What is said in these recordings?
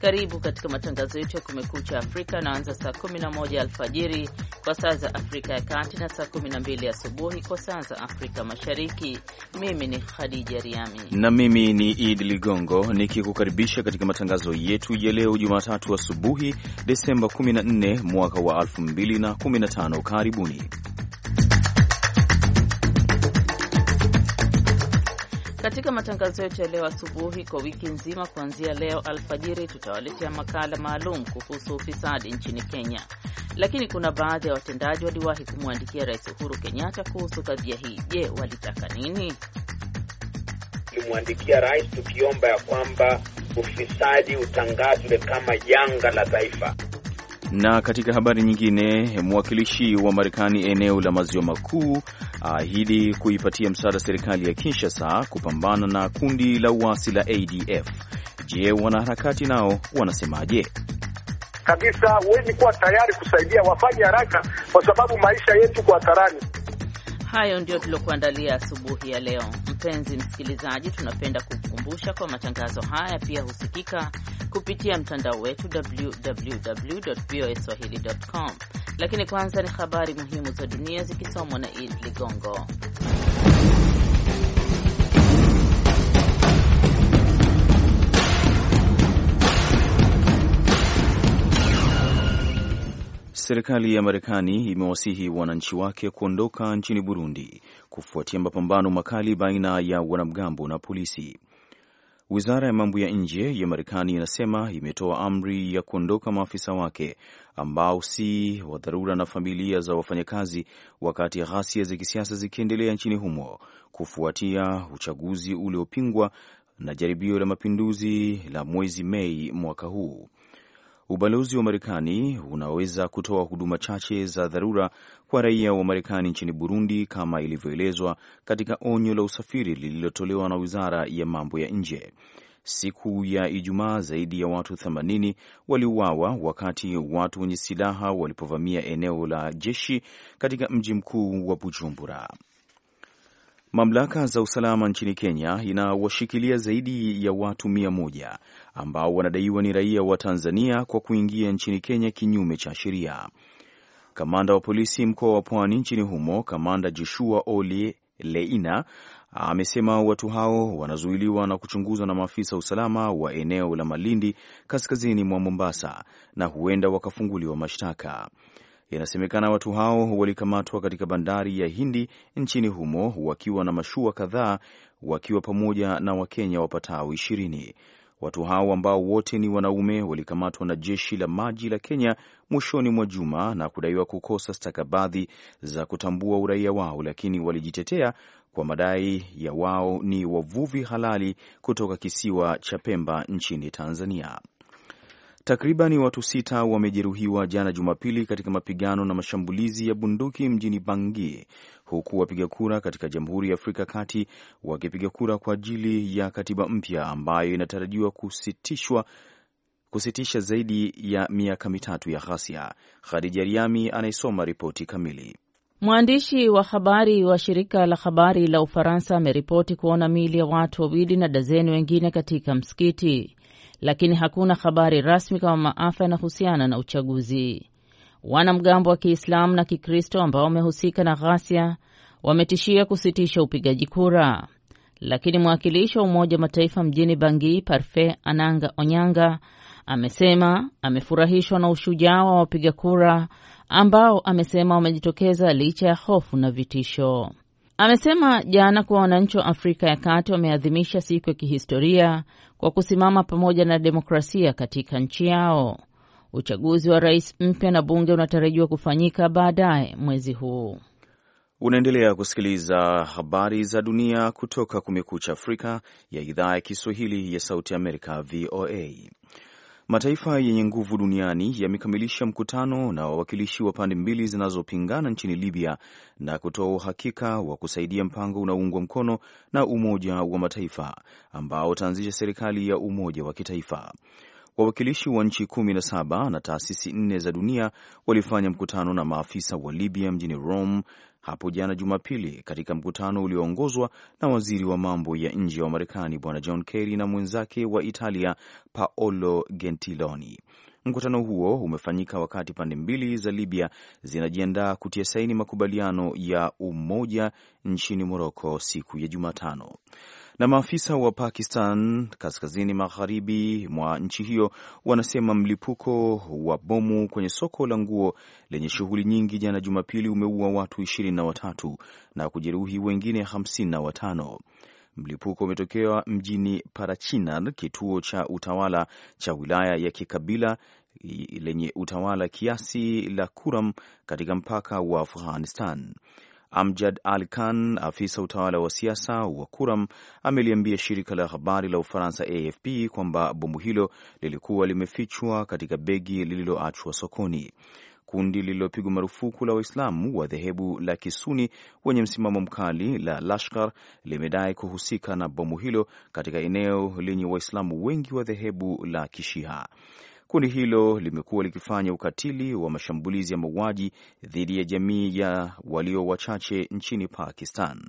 Karibu katika matangazo yetu ya Kumekucha Afrika anaanza saa 11 alfajiri kwa saa za Afrika ya Kati na saa 12 asubuhi kwa saa za Afrika Mashariki. Mimi ni Khadija Riami na mimi ni Idi Ligongo nikikukaribisha katika matangazo yetu ya leo Jumatatu asubuhi, Desemba 14 mwaka wa 2015. Karibuni. Katika matangazo yetu ya leo asubuhi, kwa wiki nzima kuanzia leo alfajiri, tutawaletea makala maalum kuhusu ufisadi nchini Kenya. Lakini kuna baadhi ya watendaji waliwahi kumwandikia Rais Uhuru Kenyatta kuhusu kadhia hii. Je, walitaka nini? Tulimwandikia rais tukiomba ya kwamba ufisadi utangazwe kama janga la taifa. Na katika habari nyingine, mwakilishi wa Marekani eneo la maziwa makuu aahidi kuipatia msaada serikali ya Kinshasa kupambana na kundi la uasi la ADF. Je, wanaharakati nao wanasemaje? Kabisa, huwezi kuwa tayari kusaidia, wafanye haraka kwa sababu maisha yetu kwa hatarani. Hayo ndio tuliokuandalia asubuhi ya leo. Mpenzi msikilizaji, tunapenda kukukumbusha kwa matangazo haya pia husikika kupitia mtandao wetu www www.voaswahili.com. Lakini kwanza ni habari muhimu za dunia zikisomwa na Id Ligongo. Serikali ya Marekani imewasihi wananchi wake kuondoka nchini Burundi kufuatia mapambano makali baina ya wanamgambo na polisi. Wizara ya mambo ya nje ya Marekani inasema imetoa amri ya kuondoka maafisa wake ambao si wa dharura na familia za wafanyakazi, wakati ghasia za kisiasa zikiendelea nchini humo kufuatia uchaguzi uliopingwa na jaribio la mapinduzi la mwezi Mei mwaka huu. Ubalozi wa Marekani unaweza kutoa huduma chache za dharura kwa raia wa Marekani nchini Burundi kama ilivyoelezwa katika onyo la usafiri lililotolewa na Wizara ya Mambo ya Nje. Siku ya Ijumaa, zaidi ya watu 80 waliuawa wakati watu wenye silaha walipovamia eneo la jeshi katika mji mkuu wa Bujumbura. Mamlaka za usalama nchini Kenya inawashikilia zaidi ya watu mia moja ambao wanadaiwa ni raia wa Tanzania kwa kuingia nchini Kenya kinyume cha sheria. Kamanda wa polisi mkoa wa Pwani nchini humo, Kamanda Joshua oli Leina amesema watu hao wanazuiliwa na kuchunguzwa na maafisa usalama wa eneo la Malindi kaskazini mwa Mombasa na huenda wakafunguliwa mashtaka. Inasemekana watu hao walikamatwa katika bandari ya Hindi nchini humo wakiwa na mashua kadhaa wakiwa pamoja na Wakenya wapatao ishirini. Watu hao ambao wote ni wanaume walikamatwa na jeshi la maji la Kenya mwishoni mwa juma na kudaiwa kukosa stakabadhi za kutambua uraia wao, lakini walijitetea kwa madai ya wao ni wavuvi halali kutoka kisiwa cha Pemba nchini Tanzania. Takribani watu sita wamejeruhiwa jana Jumapili katika mapigano na mashambulizi ya bunduki mjini bangi huku wapiga kura katika Jamhuri ya Afrika Kati wakipiga kura kwa ajili ya katiba mpya ambayo inatarajiwa kusitishwa kusitisha zaidi ya miaka mitatu ya ghasia. Khadija Riami anayesoma ripoti kamili. Mwandishi wa habari wa shirika la habari la Ufaransa ameripoti kuona miili ya watu wawili na dazeni wengine katika msikiti lakini hakuna habari rasmi kama maafa yanahusiana na uchaguzi. Wanamgambo wa Kiislamu na Kikristo ambao wamehusika na ghasia wametishia kusitisha upigaji kura, lakini mwakilishi wa Umoja wa Mataifa mjini Bangui, parfe Ananga Onyanga, amesema amefurahishwa na ushujaa wa wapiga kura ambao amesema wamejitokeza licha ya hofu na vitisho. Amesema jana kuwa wananchi wa Afrika ya Kati wameadhimisha siku ya kihistoria kwa kusimama pamoja na demokrasia katika nchi yao. Uchaguzi wa rais mpya na bunge unatarajiwa kufanyika baadaye mwezi huu. Unaendelea kusikiliza habari za dunia kutoka Kumekucha Afrika ya idhaa ya Kiswahili ya Sauti Amerika, VOA. Mataifa yenye nguvu duniani yamekamilisha mkutano na wawakilishi wa pande mbili zinazopingana nchini Libya na kutoa uhakika wa kusaidia mpango unaoungwa mkono na Umoja wa Mataifa ambao utaanzisha serikali ya umoja wa kitaifa. Wawakilishi wa nchi kumi na saba na taasisi nne za dunia walifanya mkutano na maafisa wa Libya mjini Rome hapo jana Jumapili katika mkutano ulioongozwa na waziri wa mambo ya nje wa Marekani Bwana John Kerry na mwenzake wa Italia Paolo Gentiloni. Mkutano huo umefanyika wakati pande mbili za Libya zinajiandaa kutia saini makubaliano ya umoja nchini Moroko siku ya Jumatano na maafisa wa Pakistan kaskazini magharibi mwa nchi hiyo wanasema mlipuko wa bomu kwenye soko la nguo lenye shughuli nyingi jana Jumapili umeua watu ishirini na watatu na kujeruhi wengine hamsini na watano. Mlipuko umetokea mjini Parachinar, kituo cha utawala cha wilaya ya kikabila lenye utawala kiasi la Kuram katika mpaka wa Afghanistan. Amjad al Khan, afisa utawala wa siasa wa Kuram, ameliambia shirika la habari la Ufaransa AFP kwamba bomu hilo lilikuwa limefichwa katika begi lililoachwa sokoni. Kundi lililopigwa marufuku la Waislamu wa dhehebu la Kisuni wenye msimamo mkali la Lashkar limedai kuhusika na bomu hilo katika eneo lenye Waislamu wengi wa dhehebu la kishiha Kundi hilo limekuwa likifanya ukatili wa mashambulizi ya mauaji dhidi ya jamii ya walio wachache nchini Pakistan.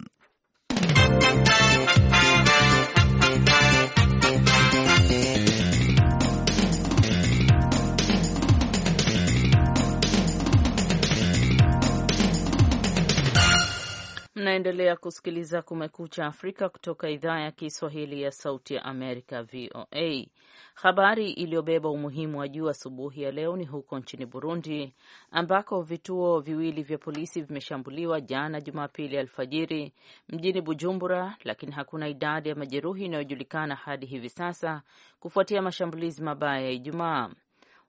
Mnaendelea kusikiliza Kumekucha Afrika kutoka idhaa ya Kiswahili ya Sauti ya Amerika, VOA. Habari iliyobeba umuhimu wa juu asubuhi ya leo ni huko nchini Burundi ambako vituo viwili vya polisi vimeshambuliwa jana Jumapili alfajiri mjini Bujumbura, lakini hakuna idadi ya majeruhi inayojulikana hadi hivi sasa kufuatia mashambulizi mabaya ya Ijumaa.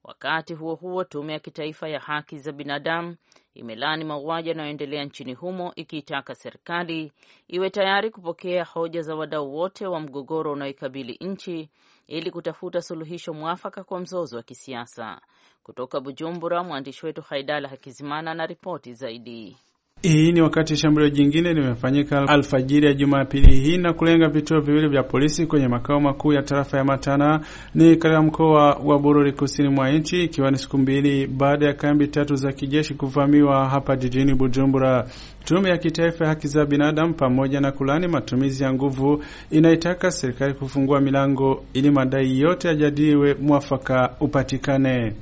Wakati huo huo, tume ya kitaifa ya haki za binadamu imelaani mauaji yanayoendelea nchini humo ikiitaka serikali iwe tayari kupokea hoja za wadau wote wa mgogoro unaoikabili nchi ili kutafuta suluhisho mwafaka kwa mzozo wa kisiasa. Kutoka Bujumbura, mwandishi wetu Haidala Hakizimana na ripoti zaidi. Hii ni wakati shambulio jingine limefanyika alfajiri ya Jumapili hii na kulenga vituo viwili vya polisi kwenye makao makuu ya tarafa ya Matana ni katika mkoa wa Bururi kusini mwa nchi, ikiwa ni siku mbili baada ya kambi tatu za kijeshi kuvamiwa hapa jijini Bujumbura. Tume ya Kitaifa ya Haki za Binadamu pamoja na kulani matumizi ya nguvu inaitaka serikali kufungua milango ili madai yote yajadiliwe, mwafaka upatikane.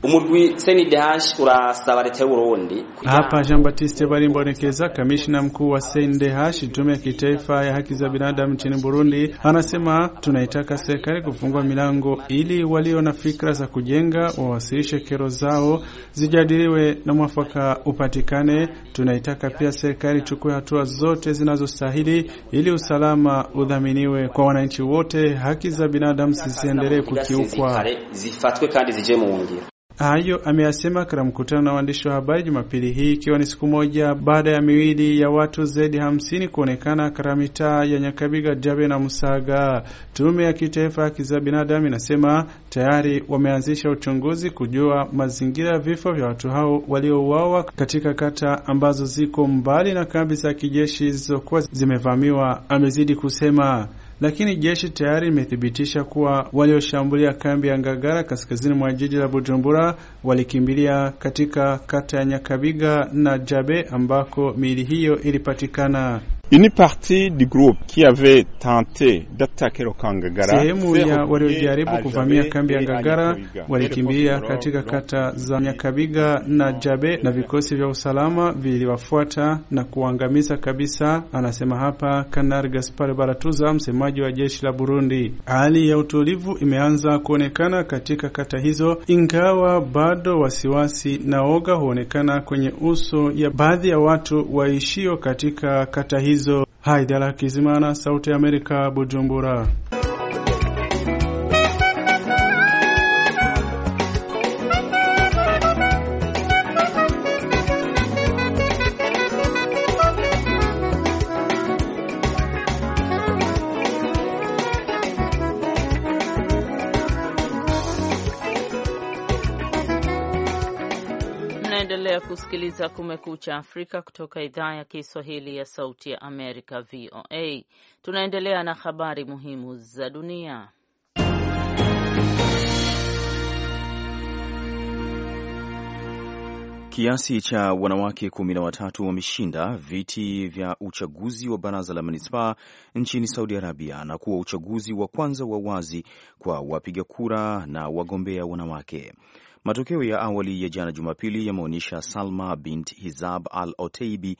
Hapa Jean Baptiste Barimbo kuongeza, kamishna mkuu wa Sendehash, tume ya kitaifa ya haki za binadamu nchini Burundi, anasema tunaitaka serikali kufungua milango ili walio na fikra za kujenga wawasilishe kero zao, zijadiliwe na mwafaka upatikane. Tunaitaka pia serikali ichukue hatua zote zinazostahili ili usalama udhaminiwe kwa wananchi wote, haki za binadamu zisiendelee kukiukwa. Hayo ameyasema katika mkutano na waandishi wa habari Jumapili hii ikiwa ni siku moja baada ya miili ya watu zaidi ya hamsini kuonekana katika mitaa ya Nyakabiga, Jabe na Musaga. Tume ya Kitaifa ya Haki za Binadamu inasema tayari wameanzisha uchunguzi kujua mazingira ya vifo vya watu hao waliouawa katika kata ambazo ziko mbali na kambi za kijeshi zilizokuwa zimevamiwa. Amezidi kusema lakini jeshi tayari limethibitisha kuwa walioshambulia kambi ya Ngagara kaskazini mwa jiji la Bujumbura walikimbilia katika kata ya Nyakabiga na Jabe ambako miili hiyo ilipatikana. Une partie du groupe qui avait tenté d'attaquer Kangagara, sehemu ya waliojaribu kuvamia kambi ya Ngagara walikimbia katika kata za Nyakabiga na Jabe, na vikosi vya usalama viliwafuata na kuangamiza kabisa, anasema hapa Kanar Gaspar Baratuza, msemaji wa jeshi la Burundi. Hali ya utulivu imeanza kuonekana katika kata hizo, ingawa bado wasiwasi na oga huonekana kwenye uso ya baadhi ya watu waishio katika kata hizo hizo. Haidara Kizimana, Sauti ya Amerika, Bujumbura. Kumekucha Afrika kutoka idhaa ya Kiswahili ya Sauti ya Amerika, VOA. Tunaendelea na habari muhimu za dunia. Kiasi cha wanawake kumi na watatu wameshinda viti vya uchaguzi wa baraza la manispaa nchini Saudi Arabia na kuwa uchaguzi wa kwanza wa wazi kwa wapiga kura na wagombea wanawake. Matokeo ya awali ya jana Jumapili yameonyesha Salma bint Hizab al Oteibi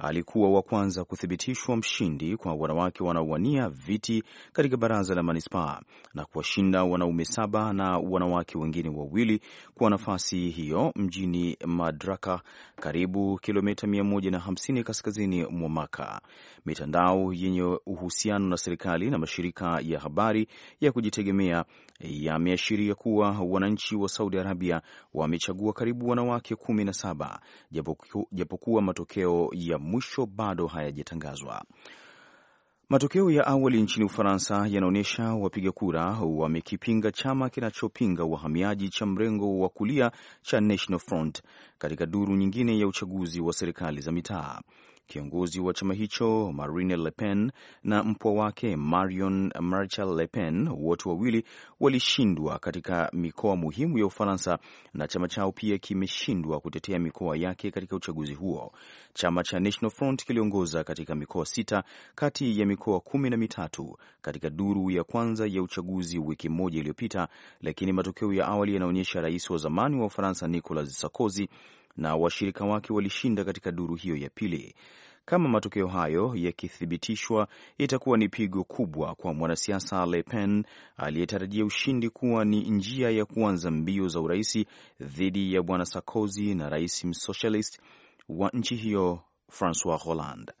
alikuwa wa kwanza kuthibitishwa mshindi kwa wanawake wanaowania viti katika baraza la manispaa na kuwashinda wanaume saba na wanawake wengine wawili kwa nafasi hiyo mjini Madraka, karibu kilomita 150 kaskazini mwa Maka. Mitandao yenye uhusiano na serikali na mashirika ya habari ya kujitegemea yameashiria kuwa wananchi wa Saudi Arabia wamechagua karibu wanawake 17 japokuwa matokeo ya mwisho bado hayajatangazwa. Matokeo ya awali nchini Ufaransa yanaonyesha wapiga kura wamekipinga chama kinachopinga wahamiaji cha mrengo wa kulia cha National Front katika duru nyingine ya uchaguzi wa serikali za mitaa. Kiongozi wa chama hicho Marine Le Pen na mpwa wake Marion Marchal Le Pen, wote wawili walishindwa katika mikoa muhimu ya Ufaransa, na chama chao pia kimeshindwa kutetea mikoa yake katika uchaguzi huo. Chama cha National Front kiliongoza katika mikoa sita kati ya mikoa kumi na mitatu katika duru ya kwanza ya uchaguzi wiki moja iliyopita, lakini matokeo ya awali yanaonyesha rais wa zamani wa Ufaransa Nicolas Sarkozy na washirika wake walishinda katika duru hiyo ya pili. Kama matokeo hayo yakithibitishwa, itakuwa ni pigo kubwa kwa mwanasiasa Le Pen aliyetarajia ushindi kuwa ni njia ya kuanza mbio za uraisi dhidi ya bwana Sarkozy na rais msocialist wa nchi hiyo Francois Hollande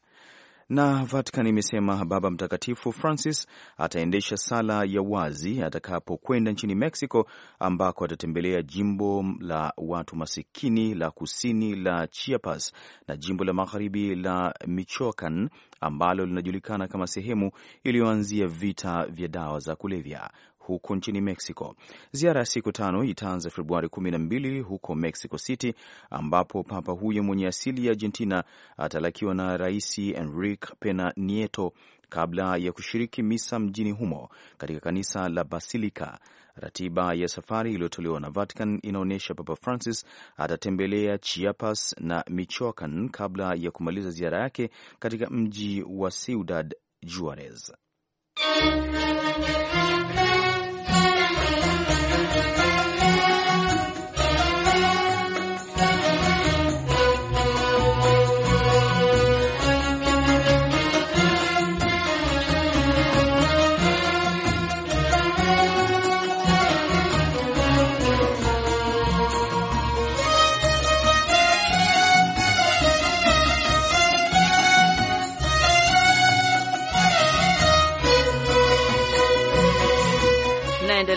na Vatican imesema Baba Mtakatifu Francis ataendesha sala ya wazi atakapokwenda nchini Mexico, ambako atatembelea jimbo la watu masikini la kusini la Chiapas na jimbo la magharibi la Michoacan ambalo linajulikana kama sehemu iliyoanzia vita vya dawa za kulevya huko nchini Mexico. Ziara ya siku tano itaanza Februari kumi na mbili huko Mexico City, ambapo papa huyo mwenye asili ya Argentina atalakiwa na Rais Enrique Pena Nieto kabla ya kushiriki misa mjini humo katika kanisa la Basilika. Ratiba ya safari iliyotolewa na Vatican inaonyesha Papa Francis atatembelea Chiapas na Michoacan kabla ya kumaliza ziara yake katika mji wa Ciudad Juarez.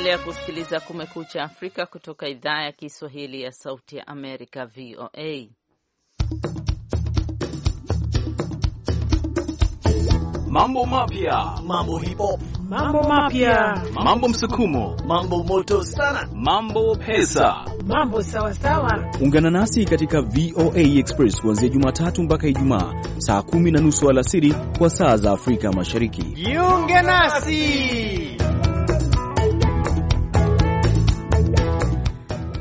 Unaendelea kusikiliza Kumekucha Afrika kutoka idhaa ya Kiswahili ya Sauti ya Amerika, VOA. Mambo mapya, mambo hipo, mambo mapya, mambo msukumo, mambo moto sana, mambo pesa, mambo sawasawa. Ungana nasi katika VOA Express kuanzia Jumatatu mpaka Ijumaa saa kumi na nusu alasiri kwa saa za Afrika Mashariki. Jiunge nasi.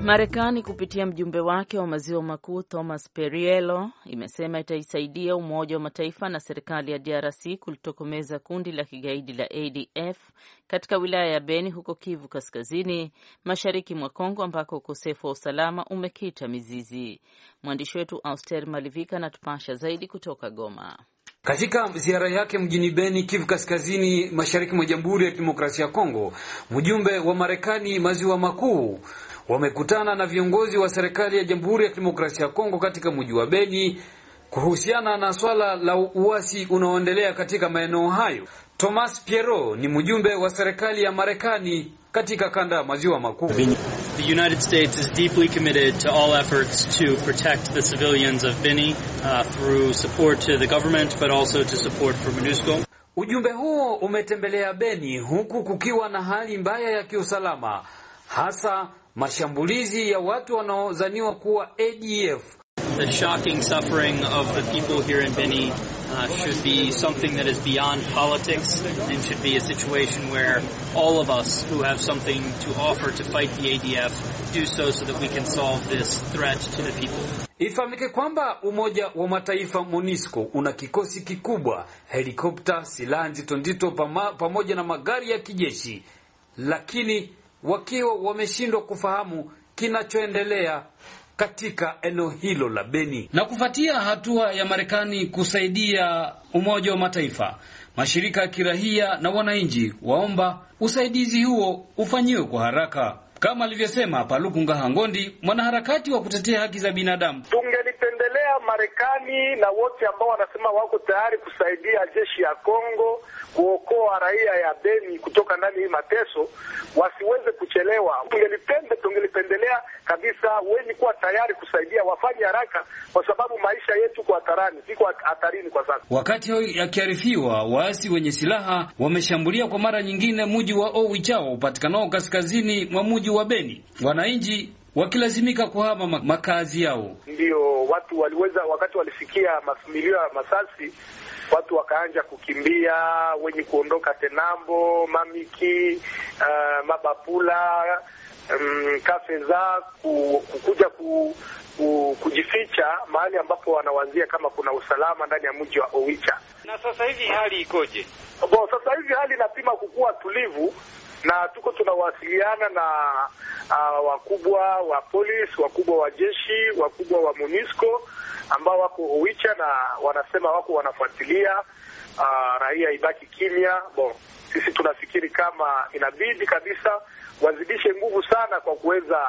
Marekani kupitia mjumbe wake wa maziwa makuu Thomas Perriello imesema itaisaidia Umoja wa Mataifa na serikali ya DRC kulitokomeza kundi la kigaidi la ADF katika wilaya ya Beni huko Kivu Kaskazini, mashariki mwa Kongo, ambako ukosefu wa usalama umekita mizizi. Mwandishi wetu Auster Malivika anatupasha zaidi kutoka Goma. Katika ziara yake mjini Beni, Kivu Kaskazini, mashariki mwa Jamhuri ya Kidemokrasia ya Kongo, mjumbe wa Marekani maziwa makuu wamekutana na viongozi wa serikali ya Jamhuri ya Kidemokrasia ya Kongo katika mji wa Beni kuhusiana na swala la uasi unaoendelea katika maeneo hayo. Thomas Pierrot ni mjumbe wa serikali ya Marekani katika kanda ya maziwa makuu. The United States is deeply committed to all efforts to protect the civilians of Bini uh, through support to the government, but also to support for MINUSCO. Ujumbe huo umetembelea Beni huku kukiwa na hali mbaya ya kiusalama, hasa mashambulizi ya watu wanaodhaniwa kuwa ADF. The shocking suffering of the people here in Beni uh, should be something that is beyond politics and should be a situation where all of us who have something to offer to fight the ADF do so so that we can solve this threat to the people. Ifahamike kwamba Umoja wa Mataifa MONUSCO una kikosi kikubwa, helikopta, silaha nzito nzito, pamoja na magari ya kijeshi, lakini wakiwa wameshindwa kufahamu kinachoendelea katika eneo hilo la Beni. Na kufuatia hatua ya Marekani kusaidia Umoja wa Mataifa, mashirika ya kirahia na wananchi waomba usaidizi huo ufanyiwe kwa haraka, kama alivyosema Paluku Ngaha Ngondi, mwanaharakati wa kutetea haki za binadamu. Tungelipendelea Marekani na wote ambao wanasema wako tayari kusaidia jeshi ya Kongo kuokoa raia ya Beni kutoka ndani hii mateso, wasiweze kuchelewa. Tungelipende, tungelipendelea kabisa weni kuwa tayari kusaidia, wafanye haraka, kwa sababu maisha yetu kwa hatarani, siko hatarini kwa sasa. Wakati yakiarifiwa, waasi wenye silaha wameshambulia kwa mara nyingine muji wa Owichao upatikanao kaskazini mwa muji wa Beni, wananchi wakilazimika kuhama makazi yao. Ndio watu waliweza, wakati walisikia milio ya masasi watu wakaanja kukimbia, wenye kuondoka Tenambo, Mamiki, uh, Mabapula, um, mm, Kafeza kukuja ku, ku, kujificha mahali ambapo wanawazia kama kuna usalama ndani ya mji wa Owicha. Na sasa hivi hali ikoje? Bo, sasa hivi hali inapima kukuwa tulivu na tuko tunawasiliana na uh, wakubwa wa polisi, wakubwa wa jeshi, wakubwa wa MONUSCO ambao wako Oicha na wanasema wako wanafuatilia. Uh, raia ibaki kimya. Bon, sisi tunafikiri kama inabidi kabisa wazidishe nguvu sana kwa kuweza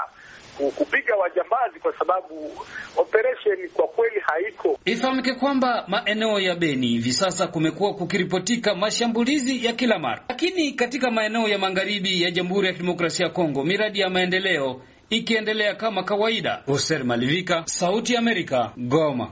kupiga wajambazi, kwa sababu operation kwa kweli haiko. Ifahamike kwamba maeneo ya Beni hivi sasa kumekuwa kukiripotika mashambulizi ya kila mara, lakini katika maeneo ya magharibi ya Jamhuri ya Kidemokrasia ya Kongo miradi ya maendeleo ikiendelea kama kawaida. Hoser Malivika, Sauti ya Amerika, Goma.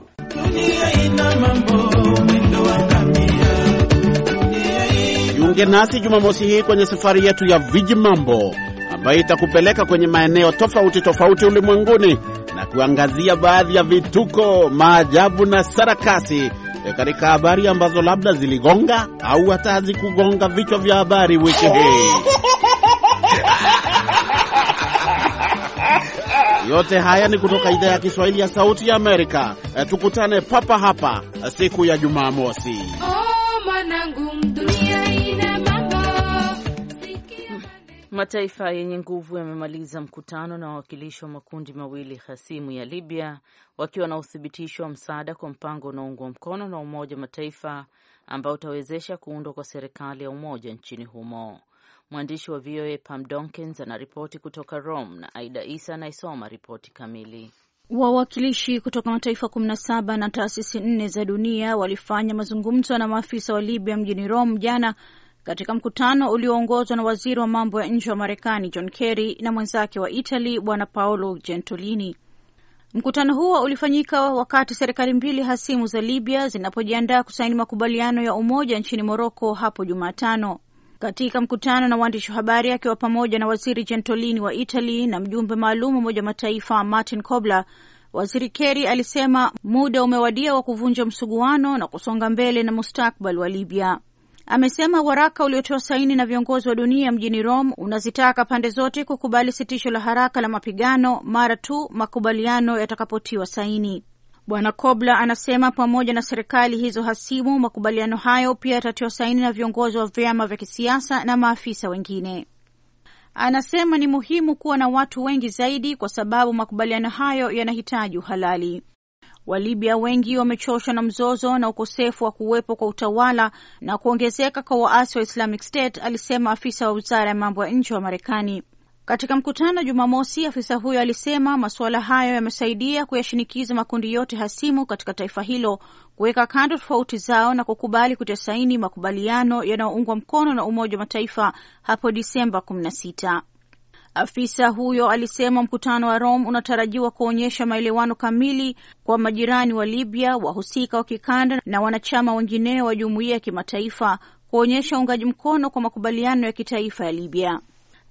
Jiunge nasi Jumamosi hii kwenye safari yetu ya vijimambo mambo ambayo itakupeleka kwenye maeneo tofauti tofauti ulimwenguni na kuangazia baadhi ya vituko, maajabu na sarakasi e, katika habari ambazo labda ziligonga au hata hazikugonga vichwa vya habari wiki hii. Yote haya ni kutoka idhaa ya Kiswahili ya Sauti ya Amerika. E, tukutane papa hapa siku ya Jumamosi. Oh, Mataifa yenye nguvu yamemaliza mkutano na wawakilishi wa makundi mawili hasimu ya Libya wakiwa na uthibitisho wa msaada kwa mpango unaoungwa mkono na Umoja wa Mataifa ambao utawezesha kuundwa kwa serikali ya umoja nchini humo. Mwandishi wa VOA Pam Donkins anaripoti kutoka Rome na Aida Isa anayesoma ripoti kamili. Wawakilishi kutoka mataifa 17 na taasisi nne za dunia walifanya mazungumzo na maafisa wa Libya mjini Rome jana katika mkutano ulioongozwa na waziri wa mambo ya nje wa Marekani John Kerry na mwenzake wa Italy bwana Paolo Gentiloni. Mkutano huo ulifanyika wakati serikali mbili hasimu za Libya zinapojiandaa kusaini makubaliano ya umoja nchini Moroko hapo Jumatano. Katika mkutano na waandishi wa habari akiwa pamoja na waziri Gentolini wa Italy na mjumbe maalum wa Umoja wa Mataifa Martin Kobler, waziri Kerry alisema muda umewadia wa kuvunja msuguano na kusonga mbele na mustakbali wa Libya amesema waraka uliotoa saini na viongozi wa dunia mjini Rome unazitaka pande zote kukubali sitisho la haraka la mapigano mara tu makubaliano yatakapotiwa saini. Bwana kobla anasema pamoja na serikali hizo hasimu, makubaliano hayo pia yatatiwa saini na viongozi wa vyama vya kisiasa na maafisa wengine. Anasema ni muhimu kuwa na watu wengi zaidi, kwa sababu makubaliano hayo yanahitaji uhalali. Walibya wengi wamechoshwa na mzozo na ukosefu wa kuwepo kwa utawala na kuongezeka kwa waasi wa Islamic State, alisema afisa wa wizara ya mambo ya nje wa Marekani. Katika mkutano Jumamosi, afisa huyo alisema masuala hayo yamesaidia kuyashinikiza makundi yote hasimu katika taifa hilo kuweka kando tofauti zao na kukubali kutia saini makubaliano yanayoungwa mkono na Umoja wa Mataifa hapo Disemba 16. Afisa huyo alisema mkutano wa Rome unatarajiwa kuonyesha maelewano kamili kwa majirani wa Libya, wahusika wa kikanda na wanachama wengineo wa jumuiya ya kimataifa kuonyesha uungaji mkono kwa makubaliano ya kitaifa ya Libya.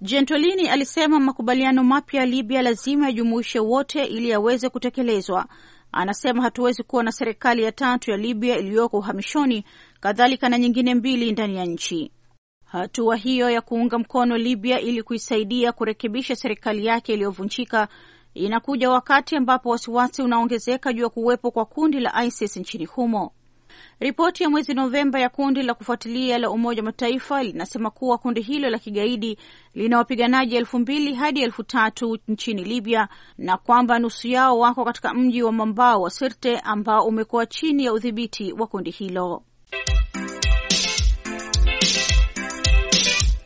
Gentolini alisema makubaliano mapya ya Libya lazima yajumuishe wote ili yaweze kutekelezwa. Anasema hatuwezi kuwa na serikali ya tatu ya Libya iliyoko uhamishoni, kadhalika na nyingine mbili ndani ya nchi. Hatua hiyo ya kuunga mkono Libya ili kuisaidia kurekebisha serikali yake iliyovunjika inakuja wakati ambapo wasiwasi unaongezeka juu ya kuwepo kwa kundi la ISIS nchini humo. Ripoti ya mwezi Novemba ya kundi la kufuatilia la Umoja wa Mataifa linasema kuwa kundi hilo la kigaidi lina wapiganaji elfu mbili hadi elfu tatu nchini Libya na kwamba nusu yao wako katika mji wa mwambao wa Sirte ambao umekuwa chini ya udhibiti wa kundi hilo.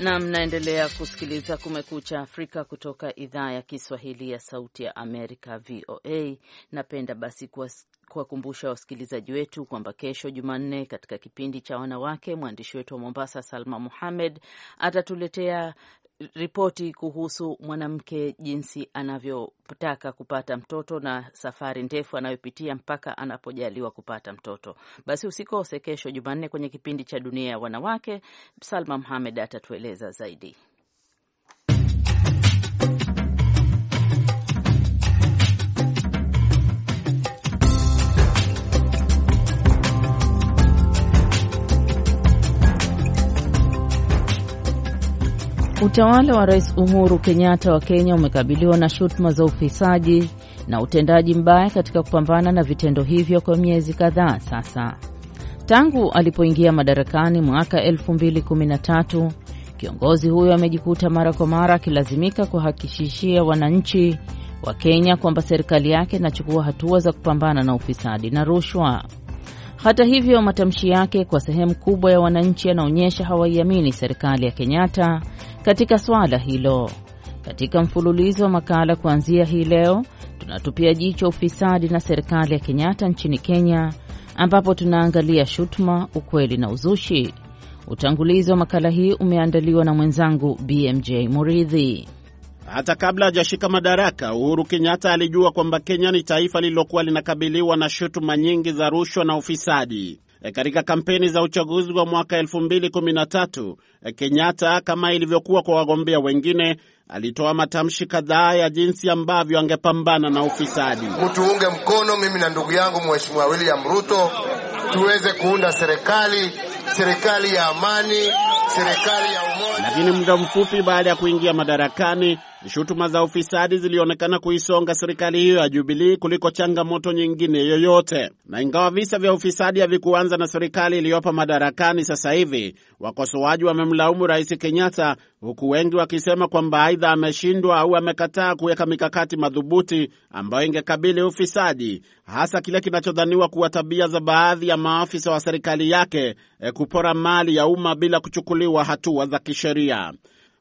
na mnaendelea kusikiliza Kumekucha Afrika kutoka idhaa ya Kiswahili ya Sauti ya Amerika, VOA. Napenda basi kuwakumbusha wasikilizaji wetu kwamba kesho Jumanne, katika kipindi cha wanawake, mwandishi wetu wa Mombasa Salma Muhamed atatuletea ripoti kuhusu mwanamke jinsi anavyotaka kupata mtoto na safari ndefu anayopitia mpaka anapojaliwa kupata mtoto. Basi usikose kesho Jumanne kwenye kipindi cha Dunia ya Wanawake. Salma Mohamed atatueleza zaidi. Utawala wa Rais Uhuru Kenyatta wa Kenya umekabiliwa na shutuma za ufisadi na utendaji mbaya katika kupambana na vitendo hivyo kwa miezi kadhaa sasa. Tangu alipoingia madarakani mwaka 2013, kiongozi huyo amejikuta mara kwa mara akilazimika kuhakikishia wananchi wa Kenya kwamba serikali yake inachukua hatua za kupambana na ufisadi na rushwa. Hata hivyo, matamshi yake kwa sehemu kubwa ya wananchi yanaonyesha hawaiamini serikali ya Kenyatta katika swala hilo. Katika mfululizo wa makala kuanzia hii leo, tunatupia jicho ufisadi na serikali ya Kenyatta nchini Kenya, ambapo tunaangalia shutuma, ukweli na uzushi. Utangulizi wa makala hii umeandaliwa na mwenzangu BMJ Muridhi. Hata kabla hajashika madaraka, Uhuru Kenyatta alijua kwamba Kenya ni taifa lililokuwa linakabiliwa na shutuma nyingi za rushwa na ufisadi. E, katika kampeni za uchaguzi wa mwaka 2013 e, Kenyatta, kama ilivyokuwa kwa wagombea wengine, alitoa matamshi kadhaa ya jinsi ambavyo angepambana na ufisadi. Mtuunge mkono mimi na ndugu yangu Mheshimiwa William Ruto tuweze kuunda serikali, serikali ya amani, serikali ya umoja. Lakini muda mfupi baada ya kuingia madarakani Shutuma za ufisadi zilionekana kuisonga serikali hiyo ya Jubilii kuliko changamoto nyingine yoyote. Na ingawa visa vya ufisadi havikuanza na serikali iliyopo madarakani sasa hivi, wakosoaji wamemlaumu Rais Kenyatta, huku wengi wakisema kwamba aidha ameshindwa au amekataa kuweka mikakati madhubuti ambayo ingekabili ufisadi, hasa kile kinachodhaniwa kuwa tabia za baadhi ya maafisa wa serikali yake eh, kupora mali ya umma bila kuchukuliwa hatua za kisheria.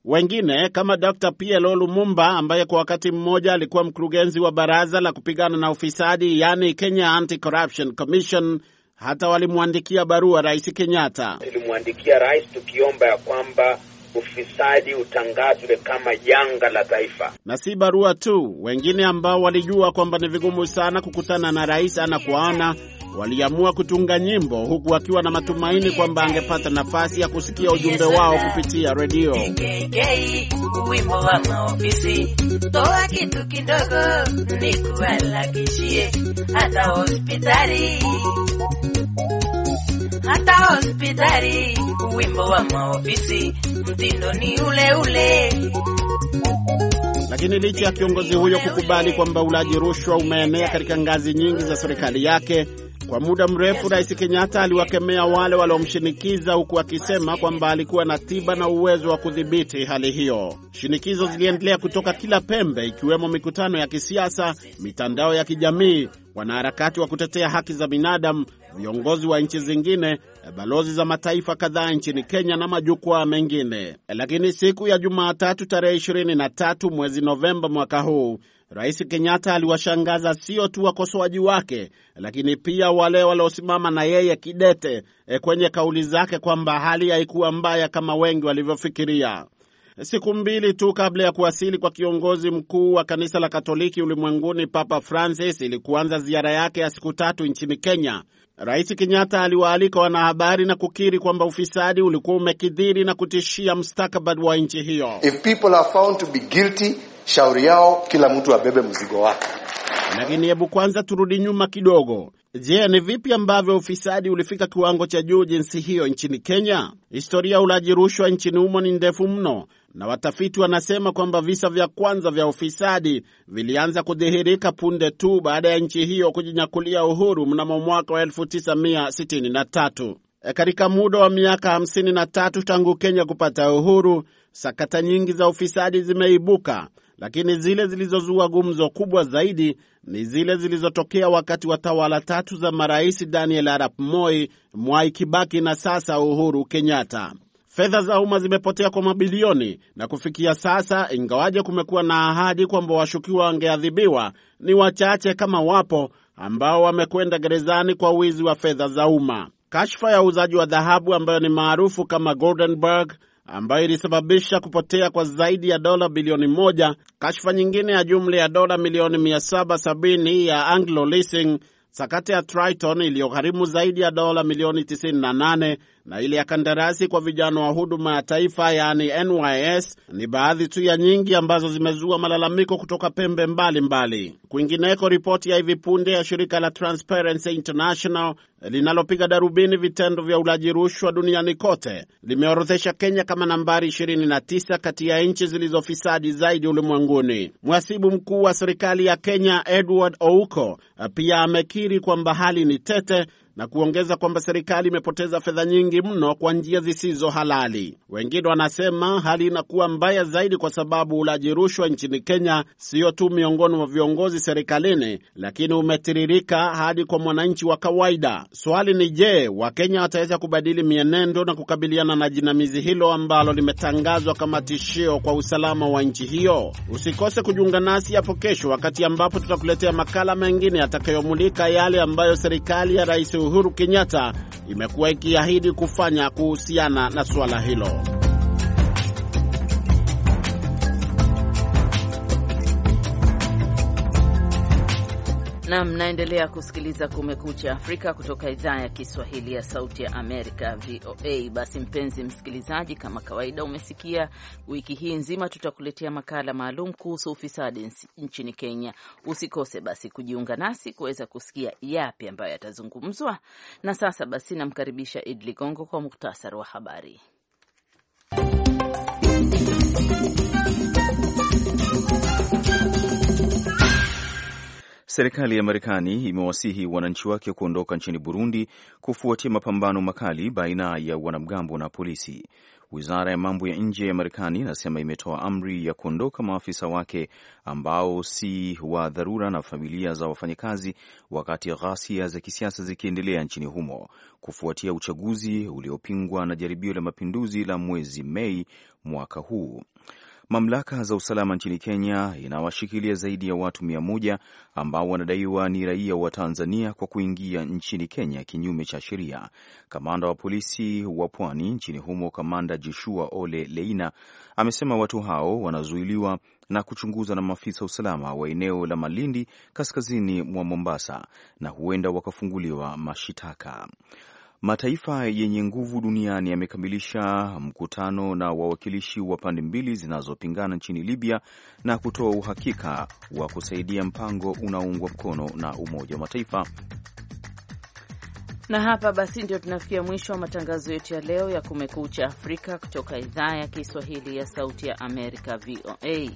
Wengine kama Dr Pierre Lumumba ambaye kwa wakati mmoja alikuwa mkurugenzi wa baraza la kupigana na ufisadi, yaani Kenya Anti-Corruption Commission, hata walimwandikia barua Rais Kenyatta. Tulimwandikia rais tukiomba ya kwamba ufisadi utangazwe kama janga la taifa. Na si barua tu, wengine ambao walijua kwamba ni vigumu sana kukutana na rais ana kwa ana waliamua kutunga nyimbo, huku wakiwa na matumaini kwamba angepata nafasi ya kusikia ujumbe wao kupitia redio. hata hospitali, hata hospitali wimbo wa maofisi mtindo ni ule ule. Lakini licha ya kiongozi huyo kukubali kwamba ulaji rushwa umeenea katika ngazi nyingi za serikali yake kwa muda mrefu, Rais Kenyatta aliwakemea wale waliomshinikiza, huku akisema kwamba alikuwa na tiba na uwezo wa kudhibiti hali hiyo. Shinikizo ziliendelea kutoka kila pembe, ikiwemo mikutano ya kisiasa, mitandao ya kijamii, wanaharakati wa kutetea haki za binadamu viongozi wa nchi zingine, balozi za mataifa kadhaa nchini Kenya na majukwaa mengine. Lakini siku ya Jumatatu tarehe 23 mwezi Novemba mwaka huu Rais Kenyatta aliwashangaza sio tu wakosoaji wake, lakini pia wale waliosimama na yeye kidete e, kwenye kauli zake kwamba hali haikuwa mbaya kama wengi walivyofikiria. Siku mbili tu kabla ya kuwasili kwa kiongozi mkuu wa kanisa la Katoliki ulimwenguni Papa Francis ili kuanza ziara yake ya siku tatu nchini Kenya, Rais Kenyatta aliwaalika wanahabari na kukiri kwamba ufisadi ulikuwa umekidhiri na kutishia mustakabali wa nchi hiyo. If people are found to be guilty, shauri yao kila mtu abebe mzigo wake. Lakini hebu kwanza turudi nyuma kidogo. Je, ni vipi ambavyo ufisadi ulifika kiwango cha juu jinsi hiyo nchini Kenya? Historia ulaji rushwa nchini humo ni ndefu mno, na watafiti wanasema kwamba visa vya kwanza vya ufisadi vilianza kudhihirika punde tu baada ya nchi hiyo kujinyakulia uhuru mnamo mwaka wa 1963. E, katika muda wa miaka 53 tangu Kenya kupata uhuru, sakata nyingi za ufisadi zimeibuka, lakini zile zilizozua gumzo kubwa zaidi ni zile zilizotokea wakati wa tawala tatu za marais Daniel Arap Moi, Mwai Kibaki na sasa Uhuru Kenyatta. Fedha za umma zimepotea kwa mabilioni, na kufikia sasa, ingawaje kumekuwa na ahadi kwamba washukiwa wangeadhibiwa, ni wachache kama wapo ambao wamekwenda gerezani kwa wizi wa fedha za umma. Kashfa ya uuzaji wa dhahabu ambayo ni maarufu kama Goldenberg ambayo ilisababisha kupotea kwa zaidi ya dola bilioni moja. Kashfa nyingine ya jumla ya dola milioni 770 ya Anglo Leasing, sakata ya Triton iliyogharimu zaidi ya dola milioni 98 na ile ya kandarasi kwa vijana wa huduma ya taifa yaani NYS ni baadhi tu ya nyingi ambazo zimezua malalamiko kutoka pembe mbalimbali Kwingineko, ripoti ya hivi punde ya shirika la Transparency International linalopiga darubini vitendo vya ulaji rushwa duniani kote limeorodhesha Kenya kama nambari 29 kati ya nchi zilizofisadi zaidi ulimwenguni. Mhasibu mkuu wa serikali ya Kenya Edward Ouko pia amekiri kwamba hali ni tete na kuongeza kwamba serikali imepoteza fedha nyingi mno kwa njia zisizo halali. Wengine wanasema hali inakuwa mbaya zaidi kwa sababu ulaji rushwa nchini Kenya sio tu miongoni mwa viongozi serikalini, lakini umetiririka hadi kwa mwananchi wa kawaida. Swali ni je, Wakenya wataweza kubadili mienendo na kukabiliana na jinamizi hilo ambalo limetangazwa kama tishio kwa usalama wa nchi hiyo? Usikose kujiunga nasi hapo kesho, wakati ambapo tutakuletea makala mengine yatakayomulika yale ambayo serikali ya Rais Uhuru Kenyatta imekuwa ikiahidi kufanya kuhusiana na suala hilo. na mnaendelea kusikiliza Kumekucha Afrika kutoka idhaa ya Kiswahili ya Sauti ya Amerika, VOA. Basi mpenzi msikilizaji, kama kawaida, umesikia wiki hii nzima tutakuletea makala maalum kuhusu ufisadi nchini Kenya. Usikose basi kujiunga nasi kuweza kusikia yapi ambayo yatazungumzwa. Na sasa basi namkaribisha Id Ligongo kwa muktasari wa habari. Serikali ya Marekani imewasihi wananchi wake kuondoka nchini Burundi kufuatia mapambano makali baina ya wanamgambo na polisi. Wizara ya mambo ya nje ya Marekani inasema imetoa amri ya kuondoka maafisa wake ambao si wa dharura na familia za wafanyakazi, wakati ghasia za kisiasa zikiendelea nchini humo kufuatia uchaguzi uliopingwa na jaribio la mapinduzi la mwezi Mei mwaka huu. Mamlaka za usalama nchini Kenya inawashikilia zaidi ya watu mia moja ambao wanadaiwa ni raia wa Tanzania kwa kuingia nchini Kenya kinyume cha sheria. Kamanda wa polisi wa pwani nchini humo, Kamanda Joshua Ole Leina, amesema watu hao wanazuiliwa na kuchunguzwa na maafisa usalama wa eneo la Malindi kaskazini mwa Mombasa na huenda wakafunguliwa mashitaka. Mataifa yenye nguvu duniani yamekamilisha mkutano na wawakilishi wa pande mbili zinazopingana nchini Libya na kutoa uhakika wa kusaidia mpango unaoungwa mkono na Umoja wa Mataifa. Na hapa basi ndio tunafikia mwisho wa matangazo yetu ya leo ya Kumekucha Afrika kutoka idhaa ya Kiswahili ya Sauti ya Amerika, VOA.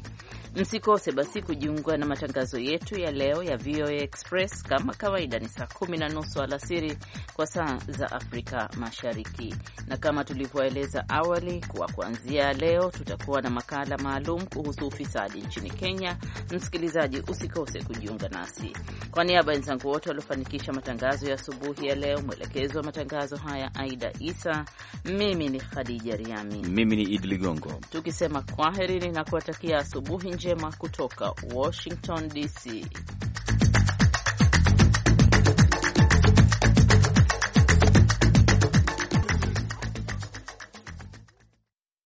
Msikose basi kujiunga na matangazo yetu ya leo ya VOA Express. Kama kawaida, ni saa kumi na nusu alasiri kwa saa za Afrika Mashariki, na kama tulivyoeleza awali kwa kuanzia leo tutakuwa na makala maalum kuhusu ufisadi nchini Kenya. Msikilizaji, usikose kujiunga nasi. Kwa niaba ya wenzangu wote waliofanikisha matangazo ya asubuhi ya leo, mwelekezi wa matangazo haya Aida Isa, mimi ni Khadija Riami, mimi ni Idi Ligongo, tukisema kwaherini na kuwatakia asubuhi njema kutoka Washington DC.